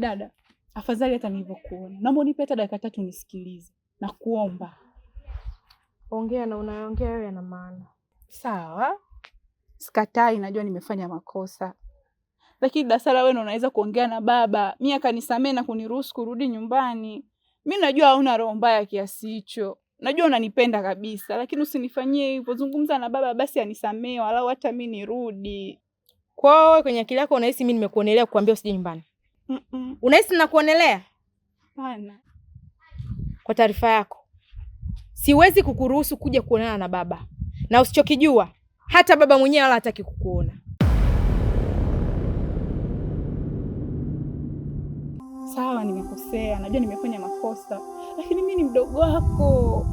dada, afadhali hata nilivyokuona, naomba unipe hata dakika tatu nisikilize, na kuomba. Ongea na unayoongea wewe yana maana. Sawa, sikatai, najua nimefanya makosa, lakini Dasara, wewe unaweza kuongea na baba, mi akanisamee na kuniruhusu kurudi nyumbani. Mi najua hauna roho mbaya kiasi hicho, najua unanipenda kabisa, lakini usinifanyie hivyo. Zungumza na baba basi anisamee, walau hata mi nirudi kwao. Kwenye akili yako unahisi mi nimekuonelea kukuambia usije nyumbani? mm -mm. Unahisi nakuonelea? Hapana. Kwa taarifa yako, siwezi kukuruhusu kuja kuonana na baba, na usichokijua hata baba mwenyewe wala hataki kukuona. Sawa, nimekosea, najua nimefanya makosa, lakini mimi ni mdogo wako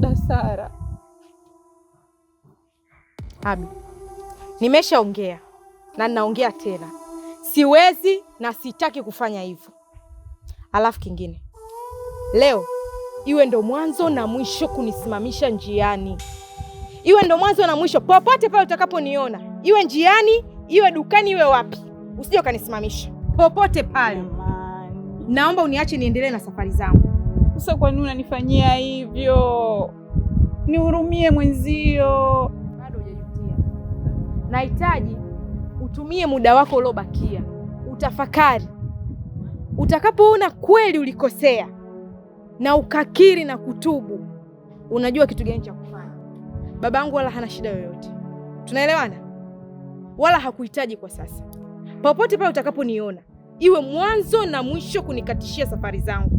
Dasara. Abi, nimeshaongea na ninaongea tena siwezi na sitaki kufanya hivyo. Alafu kingine, leo iwe ndo mwanzo na mwisho kunisimamisha njiani, iwe ndo mwanzo na mwisho. Popote pale utakaponiona, iwe njiani, iwe dukani, iwe wapi, usije ukanisimamisha popote pale. Naomba uniache niendelee na safari zangu. Sasa kwa nini unanifanyia hivyo? Nihurumie mwenzio. Bado hujajutia, nahitaji Tumie muda wako uliobakia, utafakari. Utakapoona kweli ulikosea na ukakiri na kutubu, unajua kitu gani cha kufanya. yangu wala hana shida yoyote, tunaelewana, wala hakuhitaji kwa sasa. Popote pale utakaponiona, iwe mwanzo na mwisho kunikatishia safari zangu.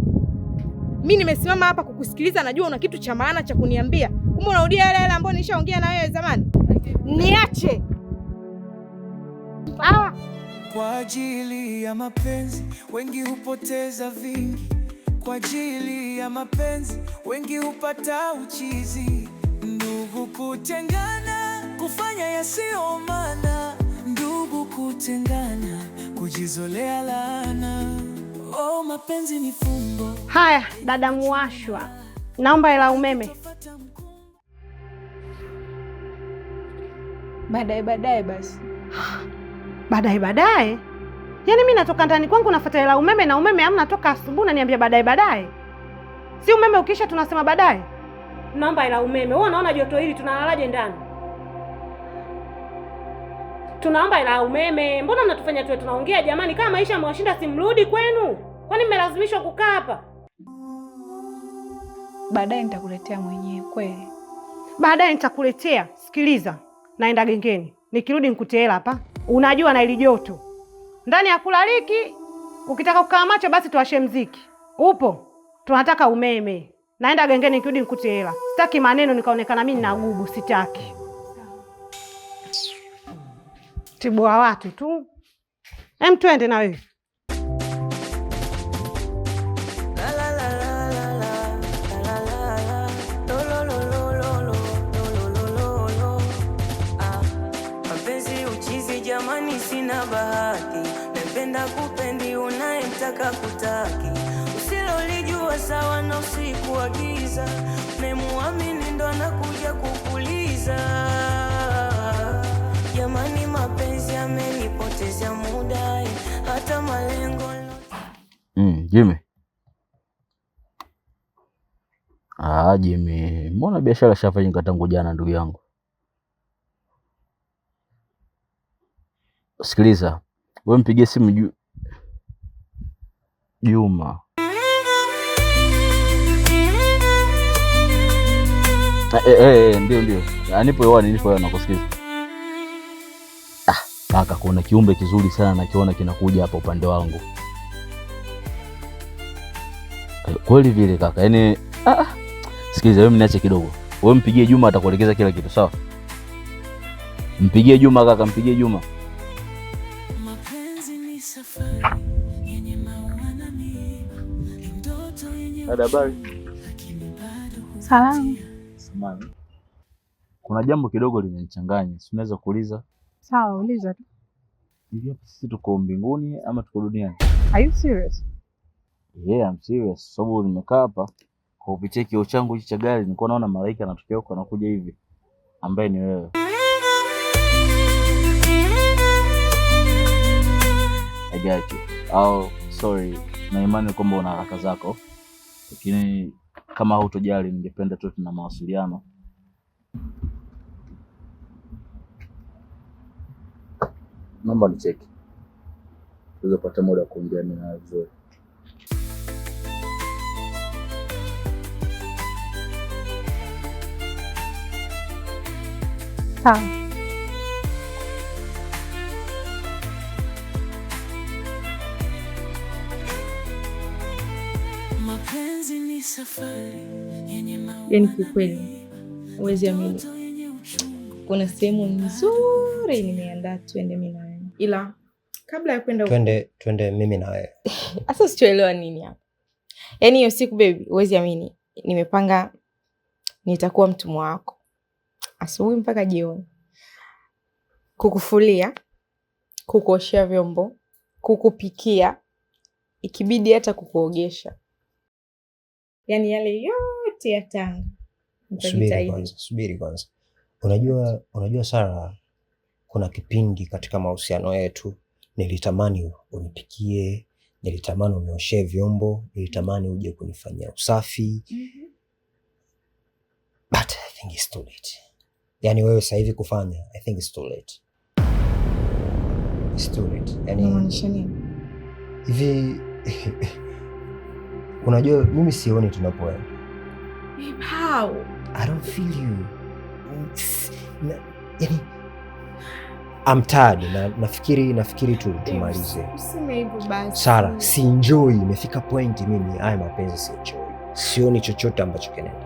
Mi nimesimama hapa kukusikiliza, najua una kitu cha maana cha kuniambia, kumbe unarudia yale yale ambayo nishaongea na wewe zamani. Niache. Sawa. Kwa ajili ya mapenzi wengi hupoteza vingi, kwa ajili ya mapenzi wengi hupata uchizi. Ndugu kutengana, kufanya yasiyo maana, ndugu kutengana, kujizolea laana. Oh, mapenzi ni fumbo. Haya, dada Muwashwa, naomba hela umeme baadaye baadaye basi ah baadaye baadaye. Yaani mi natoka ndani kwangu nafuata hela umeme, na umeme hamna toka asubuhi, naniambia baadaye baadaye. Si umeme ukiisha tunasema baadaye, naomba hela umeme. Wewe unaona joto hili tunalalaje ndani? Tunaomba hela umeme. Mbona mnatufanya tuwe tunaongea jamani? Kama maisha yamewashinda simrudi kwenu. Kwani mmelazimishwa kukaa hapa? Baadaye nitakuletea mwenyewe. Kweli baadaye nitakuletea. Sikiliza, naenda gengeni, nikirudi nikute hela hapa. Unajua na ili joto ndani ya kulaliki, ukitaka kukaa macho basi tuwashe mziki upo. Tunataka umeme, naenda gengeni, nikirudi nikute hela. Sitaki maneno nikaonekana mimi gubu sitaki tibuwa watu tu. Em, twende na wewe. natamani, sina bahati, nampenda kupendi, unayemtaka kutaki, usilolijua sawa na usiku wa giza, nemuamini ndo anakuja kukuliza. Jamani, mapenzi yamenipotezea muda, hata malengo mm, Jimmy. Ah, Jimmy, mbona biashara shafanyika tangu jana ndugu yangu? Sikiliza wewe, mpigie simu Juma. Eh eh, eh, eh, ndio ndio, ah, nipo hewani, nipo hewani, nakusikiliza. Ah, kaka, kuna kiumbe kizuri sana nakiona kinakuja hapa upande wangu eh, kweli vile kaka, yani ah, ah, sikiliza wewe, mniache kidogo, wewe mpigie Juma, atakuelekeza kila kitu sawa. Mpigie Juma kaka, mpigie Juma. Dada, habari? Salamu. Samahani. Kuna jambo kidogo limenichanganya, si unaweza kuuliza? Sawa, uliza tu. Hivi hapa sisi tuko mbinguni ama tuko duniani? Are you serious? Yeah, I'm serious. Sababu nimekaa hapa kwa kupitia kioo changu hichi cha gari nilikuwa naona malaika anatokea huko anakuja hivi ambaye ni wewe. I got you. Oh, sorry. Na imani kwamba una haraka zako lakini kama hutojali, ningependa tu tuna mawasiliano. Naomba nicheki tuweze kupata muda wa kuongea naye vizuri. Sawa. Yani kiukweli, uwezi amini, kuna sehemu nzuri nimeandaa, tuende mimi na wewe. Ila kabla ya kwenda tuende, mimi na wewe hasa sichoelewa nini hapa. Yani hiyo siku baby, uwezi amini, nimepanga nitakuwa mtumwa wako asubuhi mpaka jioni, kukufulia, kukuoshea vyombo, kukupikia, ikibidi hata kukuogesha yani yale yote ya Tanga. Subiri kwanza, Unajua, unajua Sara, kuna kipindi katika mahusiano yetu nilitamani unipikie, nilitamani unioshee vyombo, nilitamani uje kunifanyia usafi mm -hmm. But I think it's too late. Yani wewe sasa hivi kufanya, I think it's too late. It's too late. Yani, hivi Unajua mimi sioni tunapoenda. How? I don't feel you. Na, yani, I'm tired na nafikiri nafikiri tu tumalize. Useme hivyo basi. Sara, si enjoy, imefika point mimi haya mapenzi si enjoy. Sioni chochote ambacho kinaenda.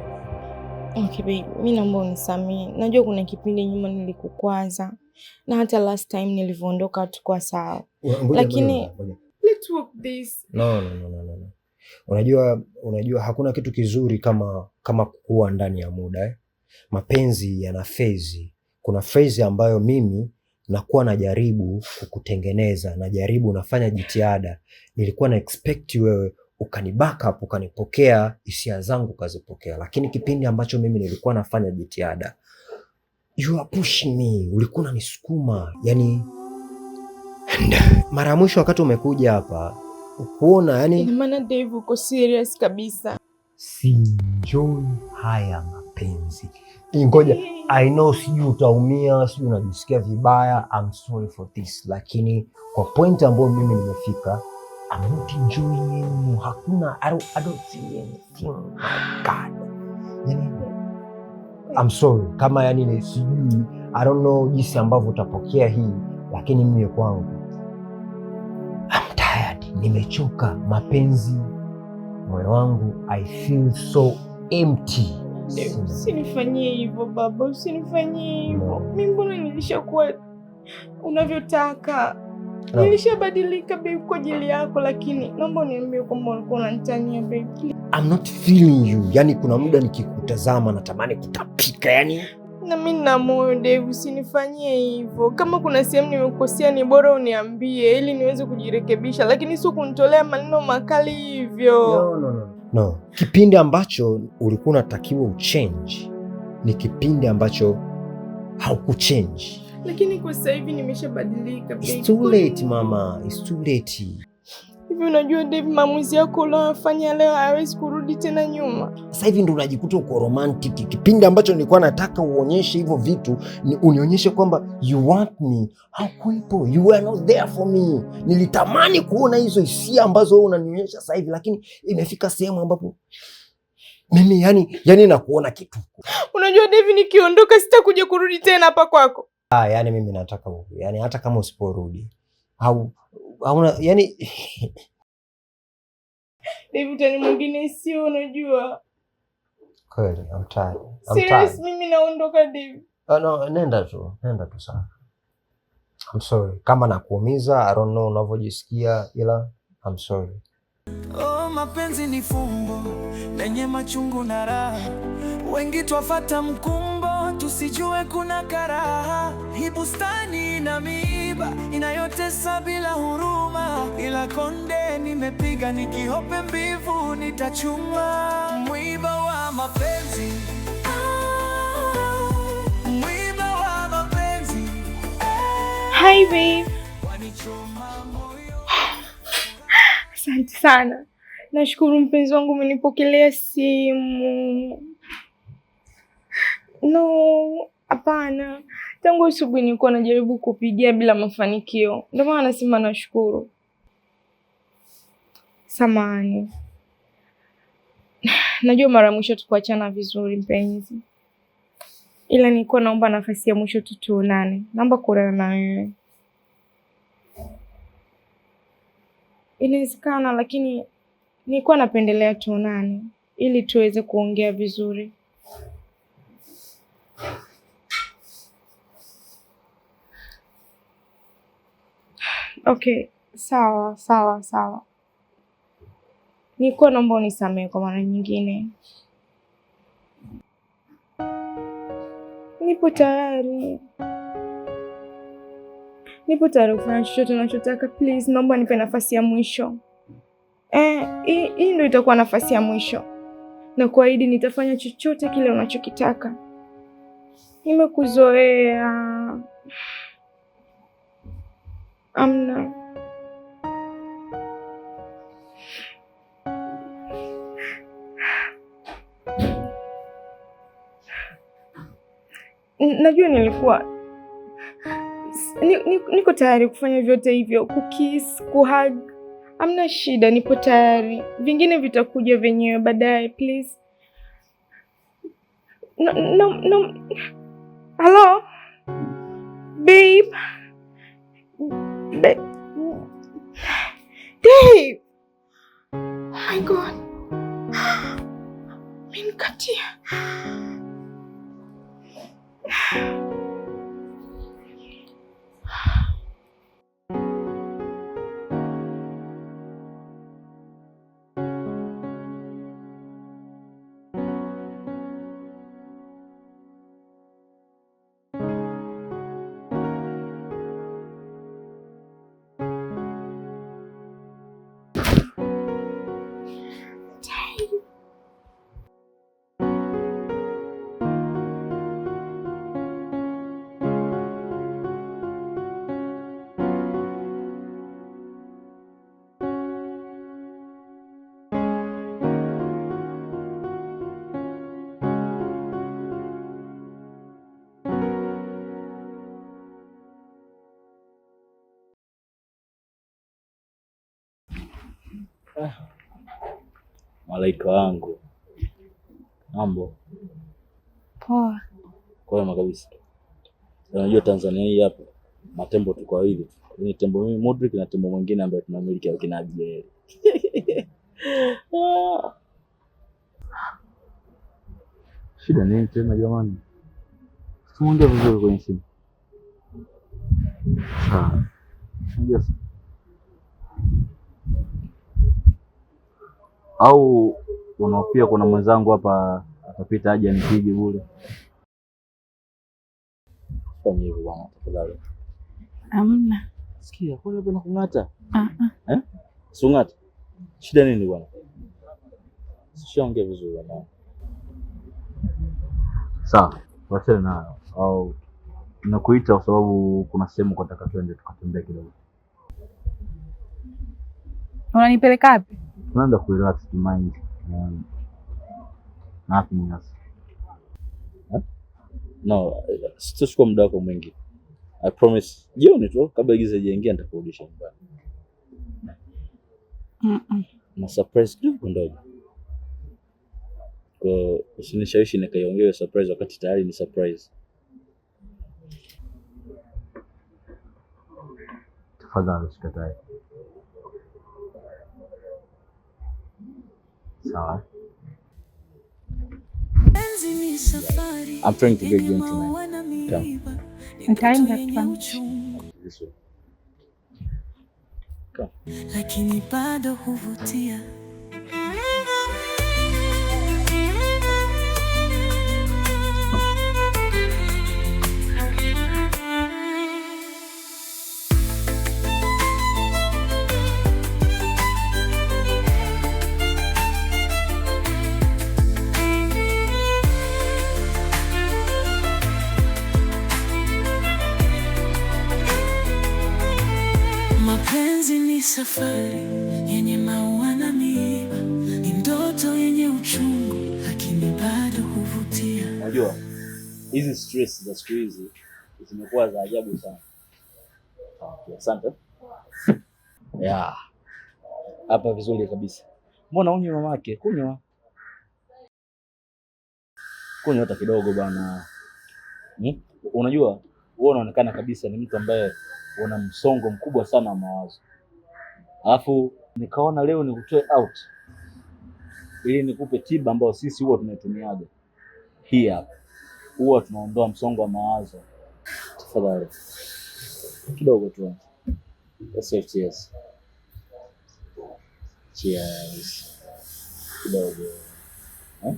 Okay, babe, mimi naomba unisamee. Najua kuna kipindi nyuma nilikukwaza na hata last time nilivyoondoka tukwa sawa. Lakini let's work this. No, no, no, no. Unajua, unajua hakuna kitu kizuri kama kama kuwa ndani ya muda eh. Mapenzi yana fezi. Kuna fezi ambayo mimi nakuwa najaribu kukutengeneza, najaribu, nafanya jitihada. Nilikuwa na expect wewe ukani back ukanipokea, hisia zangu ukazipokea, lakini kipindi ambacho mimi nilikuwa nafanya jitihada, you are pushing me, ulikuwa unanisukuma yani. Mara ya mwisho wakati umekuja hapa kukuona yani. Ina maana Dave uko serious kabisa. Sijoi haya mapenzi. Ngoja, I know sijui utaumia, sijui unajisikia vibaya, I'm sorry for this, lakini kwa point ambayo mimi nimefika I'm not enjoying yenu, hakuna I don't, I don't see anything. My God. Yani, I'm sorry kama yani sijui I don't know jinsi ambavyo utapokea hii, lakini mimi kwangu nimechoka mapenzi, moyo wangu I feel so empty. Eh, usinifanyie hivyo baba, usinifanyie hivyo no. Mi mbona nilishakuwa unavyotaka no. Nilishabadilika babe kwa ajili yako, lakini naomba uniambie kwamba ulikuwa unanitania babe. I'm not feeling you. Yani kuna muda nikikutazama natamani kutapika yani na mimi nina moyo Dave, usinifanyie hivyo. Kama kuna sehemu nimekosea, ni bora uniambie ili niweze kujirekebisha, lakini sio kunitolea maneno makali hivyo. No, no, no. No, kipindi ambacho ulikuwa unatakiwa uchange ni kipindi ambacho haukuchange, lakini kwa sasa hivi nimeshabadilika. It's too late mama, it's too late hivi unajua Dave, maamuzi yako uliyofanya leo hawezi kurudi tena nyuma. Sasa hivi ndo unajikuta uko romantic. Kipindi ambacho nilikuwa nataka uonyeshe hivyo vitu ni unionyeshe kwamba you want me, hakuwepo. You are not there for me. Nilitamani kuona hizo hisia ambazo wewe unanionyesha sasa hivi, lakini imefika sehemu ambapo mimi yani, yani nakuona kitu. Unajua Dave, nikiondoka sitakuja kurudi tena hapa kwako. Ah, yani mimi nataka yani hata kama usiporudi au hauna yani tani mwingine sio, unajua kweli. I'm I'm tired. tired. serious, mimi naondoka Devi. Oh, ah, no, nenda tu nenda tu sana. I'm sorry kama nakuumiza, I don't know unavyojisikia, ila I'm sorry. Oh, mapenzi ni fumbo lenye machungu na raha, wengi twafata mkumbo tusijue kuna karaha. Hii bustani ina miiba inayotesa bila huruma, ila konde nimepiga nikihope mbivu nitachuma. Mwiba wa mapenzi mwiba wa mapenzi Hi babe. Asante sana, nashukuru mpenzi wangu umenipokelea simu. No, hapana. Tangu asubuhi nilikuwa najaribu kupigia bila mafanikio, ndio maana nasema nashukuru. samani najua mara mwisho tukuachana vizuri mpenzi, ila nilikuwa naomba nafasi ya mwisho tu tuonane, naomba kuonana na wewe. Inawezekana, lakini nilikuwa napendelea tuonane ili tuweze kuongea vizuri. Okay, sawa sawa sawa. Nilikuwa naomba unisamehe kwa mara nyingine. Nipo tayari, nipo tayari kufanya chochote unachotaka. Please, naomba nipe nafasi ya mwisho. Eh, hii ndio itakuwa nafasi ya mwisho, na kuahidi nitafanya chochote kile unachokitaka. Nimekuzoea. Amna. Najua nilikuwa niko tayari kufanya vyote hivyo, kukis, kuhag, amna shida, nipo tayari. Vingine vitakuja vyenyewe baadaye. Please no, no, no. Hello babe. Babe. Dave. Oh my God. Minkatia. Malaika wangu mambo poa. Kwema kabisa. Unajua Tanzania hii hapa matembo kwa wawili, ni tembo mimi Modric na tembo mwingine ambaye tunamiliki akina Abdel. Shida nini tena jamani? Simuongea vizuri kwenye simu. Sawa. au unaofia kuna mwenzangu hapa atapita aje anipige bure? Fanya hivyo bwana, tafadhali. Amna. Sikia, kung'ata? Ah ah. Eh? Sung'ata. Shida nini bwana? Sishaongea vizuri bwana. Sawa, wachana nayo au nakuita kwa sababu kuna sehemu kwa nataka twende tukatembea kidogo. Unanipeleka wapi? tunaenda kurelax mind um, nothing else huh? No, sitochukua muda wako mwingi, I promise. Jioni tu kabla giza ijaingia nitakurudisha nyumbani mm -mm. na surprise kidogo ndogo, kwa usinishawishi nikaiongea surprise wakati tayari ni surprise. Tafadhali usikatae. Sawa. I'm trying to beg you tonight. Come. Nitaenda Come. Lakini bado huvutia stress za siku hizi zimekuwa za ajabu sana. Ah, asante. Yeah. Hapa vizuri kabisa. Mbona unywe mamake? Kunywa. Kunywa hata kidogo bana. Hmm? Unajua wewe unaonekana kabisa ni mtu ambaye una msongo mkubwa sana wa mawazo. Alafu nikaona leo nikutoe out ili nikupe tiba ambayo sisi huwa tunatumiaga. Hii hapa huwa tunaondoa msongo wa mawazo. Tafadhali kidogo tu. Cheers. Cheers. Kidogo eh?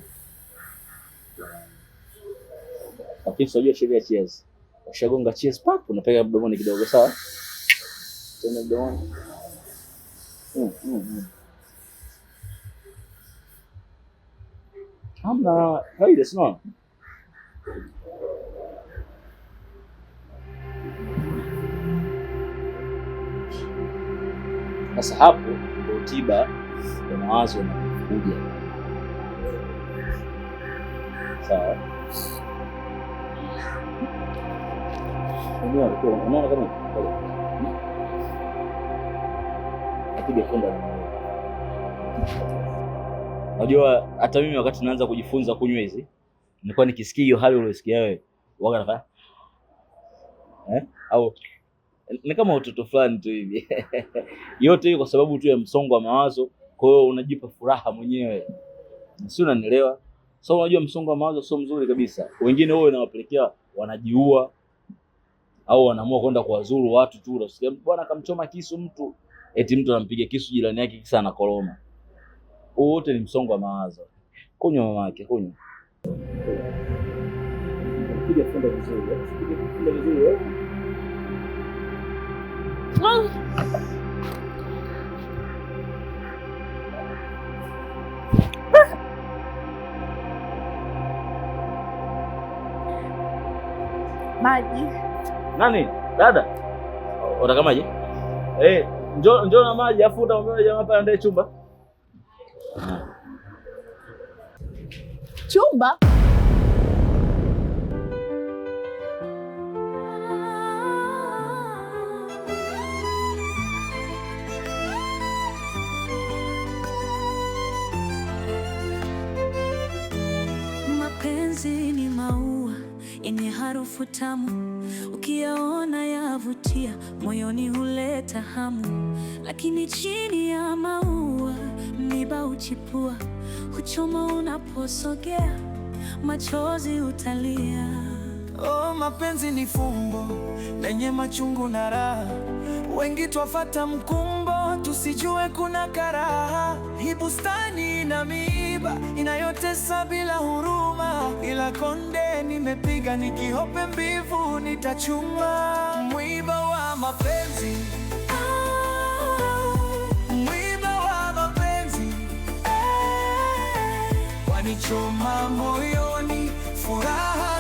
lakini unajua sheria ya cheers, ushagonga cheers pap, unapiga mdomoni kidogo, sawa tena mdomoni Mm, mm, mm. Hamna faida sio? Sasa hapo ndio tiba ya mawazo yanakuja, sawa? Hmm? Unajua hata mimi wakati naanza kujifunza kunywa hizi nilikuwa nikisikia hiyo hali uliyosikia wewe, waga nafanya eh, au ni kama utoto fulani tu hivi yote hiyo kwa sababu tu ya msongo wa mawazo. Kwa hiyo unajipa furaha mwenyewe, si unanielewa? So unajua msongo wa mawazo sio mzuri kabisa. Wengine wao inawapelekea wanajiua au wanaamua kwenda kuwazuru watu tu. Unasikia bwana akamchoma kisu mtu, eti mtu anampiga kisu jirani yake, kisa anakoroma. Wote ni msongo wa mawazo. Kunywa mama yake, kunywa Piga funda vizuri, eh. piga funda vizuri. Eh. Maji. Nani? Dada. Unataka maji? Eh, njoo njoo na maji afuta, umeona jamaa hapa ndani chumba chumba. Mapenzi ni maua yenye harufu tamu, ukiyaona yavutia, moyoni huleta hamu, lakini chini ya maua miba uchipua, huchoma unaposogea, machozi utalia. Oh, mapenzi ni fumbo lenye machungu na raha, wengi twafata mkumbo, tusijue kuna karaha. Hii bustani ina miiba inayotesa bila huruma, ila konde nimepiga, nikihope mbivu nitachuma. Mwiba wa mapenzi kunichoma moyoni furaha